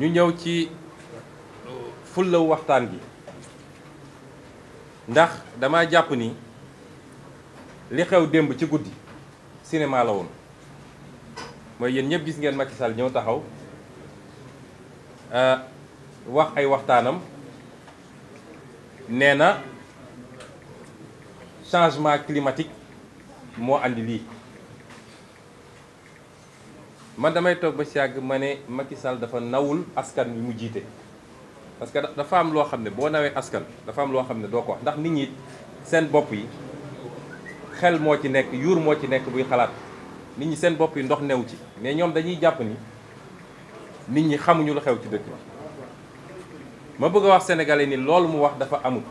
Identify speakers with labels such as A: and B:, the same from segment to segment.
A: ñu ñëw ci fullaw waxtaan bi ndax dama jàpp ni li xew démb ci guddi cinéma la woon mooy yéen ñëpp gis ngeen Macky Sall ñëw taxaw euh, wax ay waxtaanam nee na changement climatique moo andi lii man damay toog ba si yàgg ma ne Macky sal dafa nawul askan wi mu jiite parce que dafa am loo xam ne boo nawee askan dafa am loo xam ne doo ko wax ndax nit ñi seen bopp yi xel moo ci nekk yuur moo ci nekk buy xalaat nit ñi seen bopp yi ndox new ci mais ñoom dañuy jàpp ni nit ñi xamuñu lu xew ci dëkk bi ma bëgg a wax sénégalais ni loolu mu wax dafa amut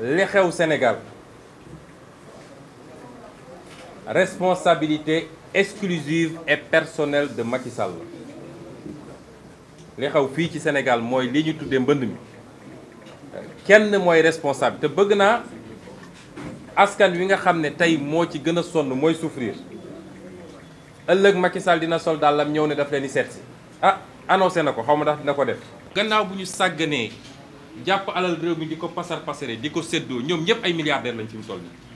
A: li xew senegal responsabilité exclusive et personnelle de Macky Sall li xaw fii ci senegal mooy li ñu tuddee mbënd mi kenn mooy responsable te bëgg naa askan wi nga xam ne tey moo ci gën a sonn mooy souffrir ëllëg Macky Sall dina sol dàllam ñëw ne daf leen di seet si ah annoncé na ko xaw ma ndax dina ko def. gannaaw bu ñu sàgganee jàpp alal réew mi di ko pasar pasare di ko séddoo ñoom ñëpp ay milliardaires lañ fi mu sol nii.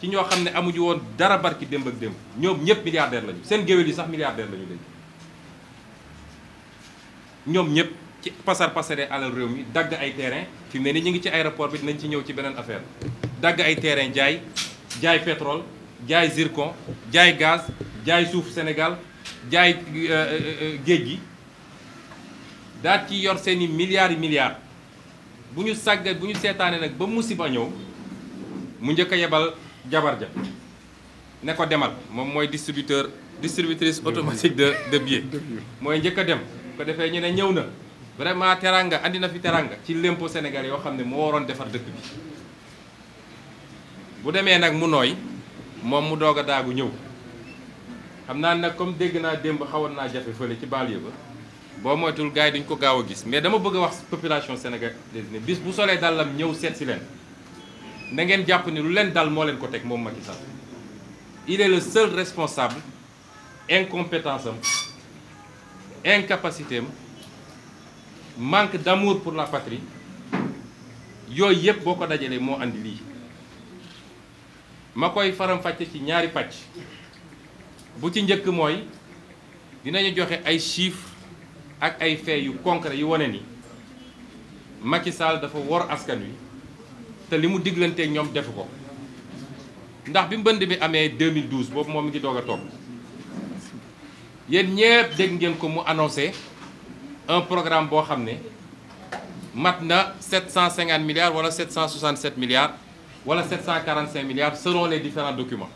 A: ci ñoo xam ne amuñu woon dara barki démb ak démb ñoom ñëpp milliardaire lañu seen géwél yi sax milliardaire lañu léegi ñoom ñëpp ci pasar pasare alal réew mi dagg ay terrain fi mu ne ni ñu ngi ci aéroport bi dinañ ci ñëw ci beneen affaire dagg ay terrain jaay jaay pétrole jaay zircon jaay gaz jaay suuf senegal jaay euh, euh, euh, géej gi daal ci yor seeni milliards yi milliards bu ñu sàggat bu ñu seetaanee nag ba musiba ñëw mu njëkk a yebal jabar ja ne ko demal moom mooy distributeur distributrice automatique de de billets mooy njëkk a dem ko defee ñu ne ñëw na vraiment teranga andi na fi teranga ci lémpo Sénégal yoo xam ne moo waroon defar dëkk bi bu demee nag mu nooy moom mu doog a daagu ñëw xam naa nag comme dégg naa démb xawoon naa jafe fële ci banlieue ba boo moytul gars yi duñ ko gaaw a gis mais dama bëgg wax population sénégalaise ne bis bu solee dàllam ñëw seet si leen na ngeen jàpp ni lu leen dal moo leen ko teg moom Macky Sall il le seul responsable incompétence am incapacité am manque d'amour pour la patrie yooyu yëpp boo ko dajalee moo andi lii ma koy faramfàcce fàcce ci ñaari pàcc bu ci njëkk mooy dinañu joxe ay chiffres ak ay faits yu concret yu wane ni Macky Sall dafa wor askan wi te li mu diglanteeg ñoom defu ko ndax bi mbënd bi amee 2012 boobu moom mi ngi doog a toog yéen ñeer dégg ngeen ko mu annoncé un programme boo xam ne mat na 750 milliards wala 767 milliards wala 745 milliards selon les différents documents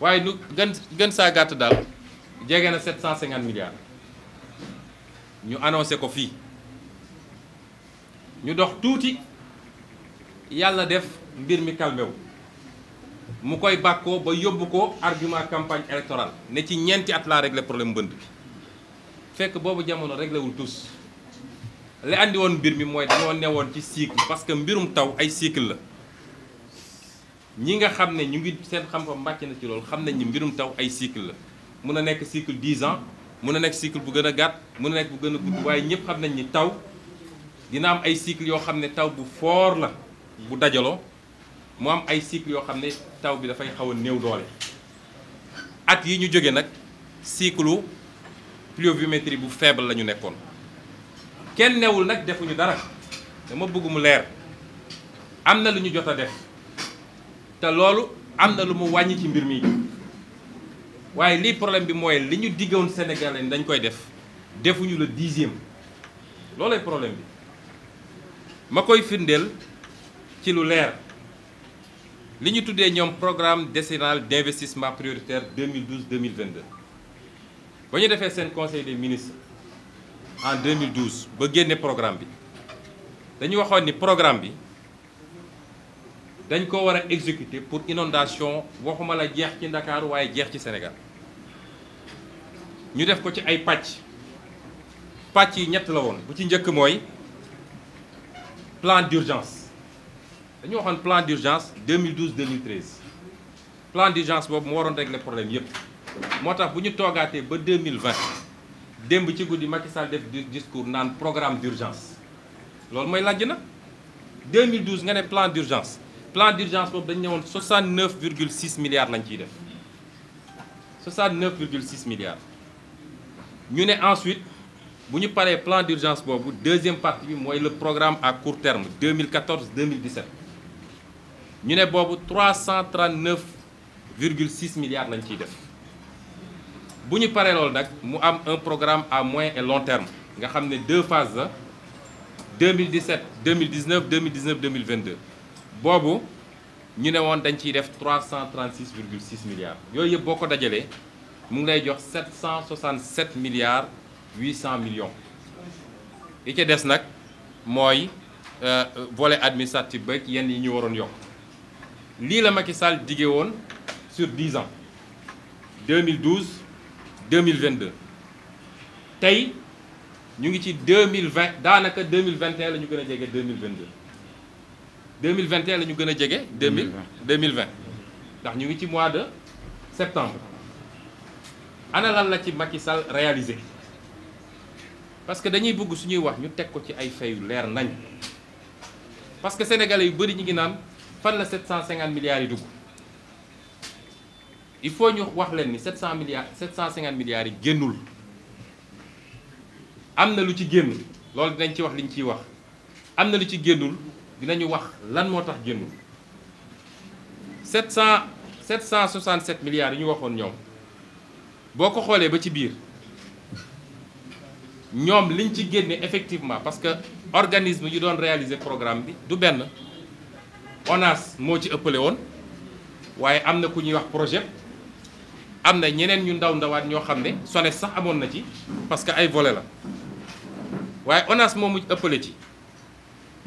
A: waaye nu gën gën saa gàtt daal jege na 750 milliards ñu annoncé ko fii ñu dox tuuti. yàlla def mbir mi calmé wu mu koy bàkkoo ba yóbbu ko argument campagne électorale ne ci ñeenti at laa réglé problème mbënd bi fekk boobu jamono réglé wul tous li andi woon mbir mi mooy dañoo newoon ci cycle parce que mbirum taw ay cycle la ñi nga xam ne ñu ngi seen xam-xam màcc na ci loolu xam nañ ñi mbirum taw ay cycle la mun a nekk cycle 10 ans mun a nekk cycle bu gën a gàtt mun a nekk bu gën a gudd waaye ñëpp xam nañ ñi taw dina am ay cycle yoo xam ne taw bu foor la. bu dajaloo mu am ay cycle yoo xam ne taw bi dafay xaw a néew doole at yi ñu jóge nag cycle pluviométrie bu faible la ñu nekkoon kenn newul nag defuñu dara dama bëgg mu leer am na lu ñu jot a def te loolu am na lu mu wàññi ci mbir mi waaye lii problème bi mooy li ñu diggoon Sénégalais dañ koy def defuñu le dixième loolay problème bi ma koy firndeel ci lu leer li ñu tuddee ñoom programme décennal d'investissement prioritaire 2012 2022 ba ñu defee seen conseil des ministres en 2012 ba génne programme bi dañu waxoon ni programme bi dañ ko war a exécuter pour inondation waxuma la jeex ci Ndakaaru waaye jeex ci senegal ñu def ko ci ay pàcc pàcc yi ñett la woon bu ci njëkk mooy plan d'urgence dañu waxoon plan d'urgence 2012 2013 plan d'urgence boobu moo waroon régler problème yépp moo tax bu ñu toogaatee ba 2020 démb ci guddi Macky Sall def discours naan programme d'urgence loolu mooy lajj na 2012 nga ne plan d'urgence plan d'urgence boobu dañu ñëwoon 69 virgule 6 milliards lañ ciy def 69 virgule 6 milliards ñu ne ensuite bu ñu paree plan d'urgence boobu deuxième partie bi mooy le programme à court terme ñu ne boobu 339 virgule 6 milliards lañ ciy def bu ñu paree loolu nag mu am un programme à moins et long terme nga xam ne deux phases la 2017 2019 2019 2022 boobu ñu ne woon dañ ciy def 336 virgule 6 milliards yooyu yëpp boo ko dajalee mu ngi lay jox 767 milliards 800 millions li ca des nag mooy euh, volet administratif beeg yenn yi ñu waroon yokk lii la Macky Sall dige woon sur 10 ans 2012 2022 tey ñu ngi ci 2020 daanaka 2021 la ñu gën a jege 2022 2021 la ñu gën a jege 2000 2020 ndax ñu ngi ci mois de septembre ana lan la ci Macky Sall réalisé parce que dañuy bugg suñuy wax ñu teg ko ci ay fay yu leer nañ parce que sénégalais yu bëri ñu ngi naan fan la 750 milliards yi dugg il faut ñu wax leen ni 700 milliards 750 milliards yi génnul am na lu ci génn loolu dinañ ci wax liñ ciy wax am na lu ci génnul dinañu wax lan moo tax génnul 700 767 milliards yi ñu waxoon ñoom boo ko xoolee ba ci biir ñoom liñ ci génn effectivement parce que organisme yu doon réaliser programme bi du benn. ONAS moo ci ëppale woon waaye am na ku ñuy wax projet am na ñeneen ñu ndaw ndawaat ñoo xam ne sone sax amoon na ci parce que ay volet la waaye ONAS moom mu ëppale ci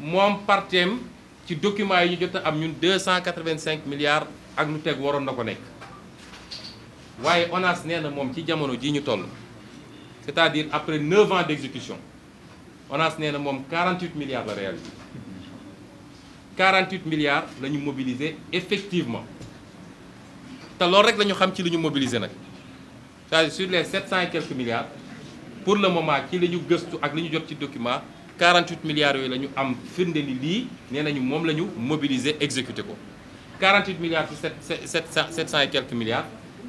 A: moom parteem ci document yi ñu jot a am ñun 285 milliards ak lu teg waroon na ko nekk waaye ONAS nee na moom ci jamono ji ñu toll c'est-à-dire après 9 ans d'exécution ONAS nee na moom 48 milliards la réalisé 48 milliards la ñu mobiliser effectivement te loolu rek la xam ci li ñu mobiliser nag cest sur les 700 et quelques milliards pour le moment ci li ñu gëstu ak li ñu jot ci document 48 milliards yooyu la ñu am firnde li lii nee nañu moom la ñu mobiliser exécuter ko 48 milliards ci 7 700 et quelques milliards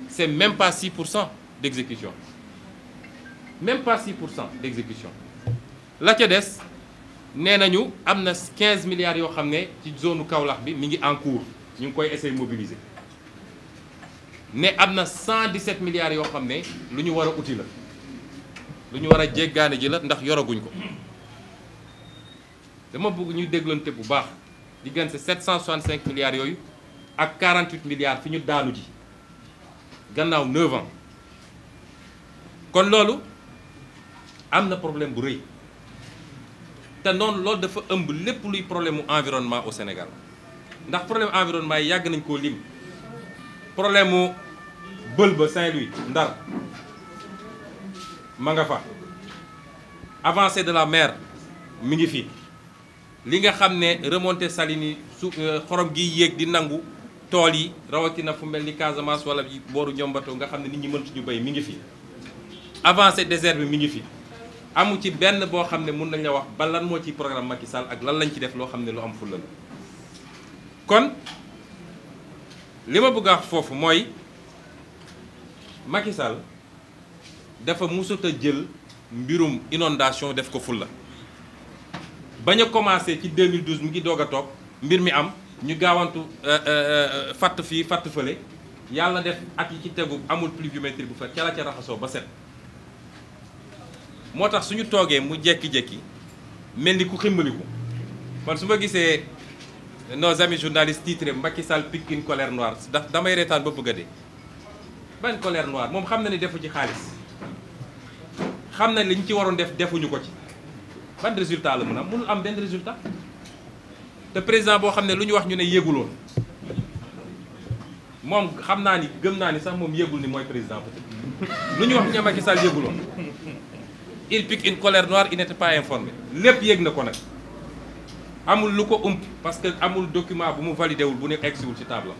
A: c'est même pas 6 pour cent d'exécution même pas 6 pour cent d'exécution la ca des. nee nañu am na quinze milliards yoo xam ne ci zone Kaolack bi mi ngi en cours ñu ngi koy essayer mobiliser ne am na 117 milliards yoo xam ne lu ñu war a uti la lu ñu war a jéggaane ji la ndax yoraguñ ko dama bëgg ñu déglante bu baax diggante 765 milliards yooyu ak 48 milliards fi ñu daanu ji gannaaw 9 ans kon loolu am na problème bu rëy. te noonu loolu dafa ëmb lépp luy problème mu environnement au Sénégal ndax problème environnement yàgg nañ koo lim problème mu bël ba Saint-Louis Ndar ma nga fa avancé de la maire mi ngi fi li nga xam ne remontée saline yi su euh, xorom gi yéeg di nangu tool yi rawatina fu mel ni Casamance wala booru Njombato nga xam ne nit ñi mëntuñu béy mi ngi fi avancé désert bi mi ngi fi. amu ci benn boo xam ne mun nañ la wax ba lan moo ci programme Macky Sall ak lan lañ ci def loo xam ne lu am fulla la kon li ma bëgg a foofu mooy Macky Sall dafa musut jël mbirum inondation def ko fulla bañ a commencé ci 2012 mu ngi doog a toog mbir mi am ñu gaawantu euh, euh, euh, fàtt fii fatt fële yàlla def ak yi ci tegu amul pluviométrie bu fa ca la ca raxasoo ba set moo tax suñu toogee mu jékki-jékki mel ni ku ximbaliku man su ma gisee nos amis journalistes titré Macky Sall pique une colère noire damay reetaan ba bëgg a dee ban colère noire moom xam na ni defu ci xaalis xam na liñ ci waroon def defuñu ko ci ban résultat la mun am mënul am benn résultat te président boo xam ne lu ñu wax ñu ne yéeguloon moom xam naa ni gëm naa ni sax moom yéegul ni mooy président peut lu ñu wax ñu ne Macky Sall yéeguloon il pique une colère noire il n'était pas informé lépp yéeg na ko nag amul lu ko ump parce que amul document bu mu validé wul bu ne egsiwul ci table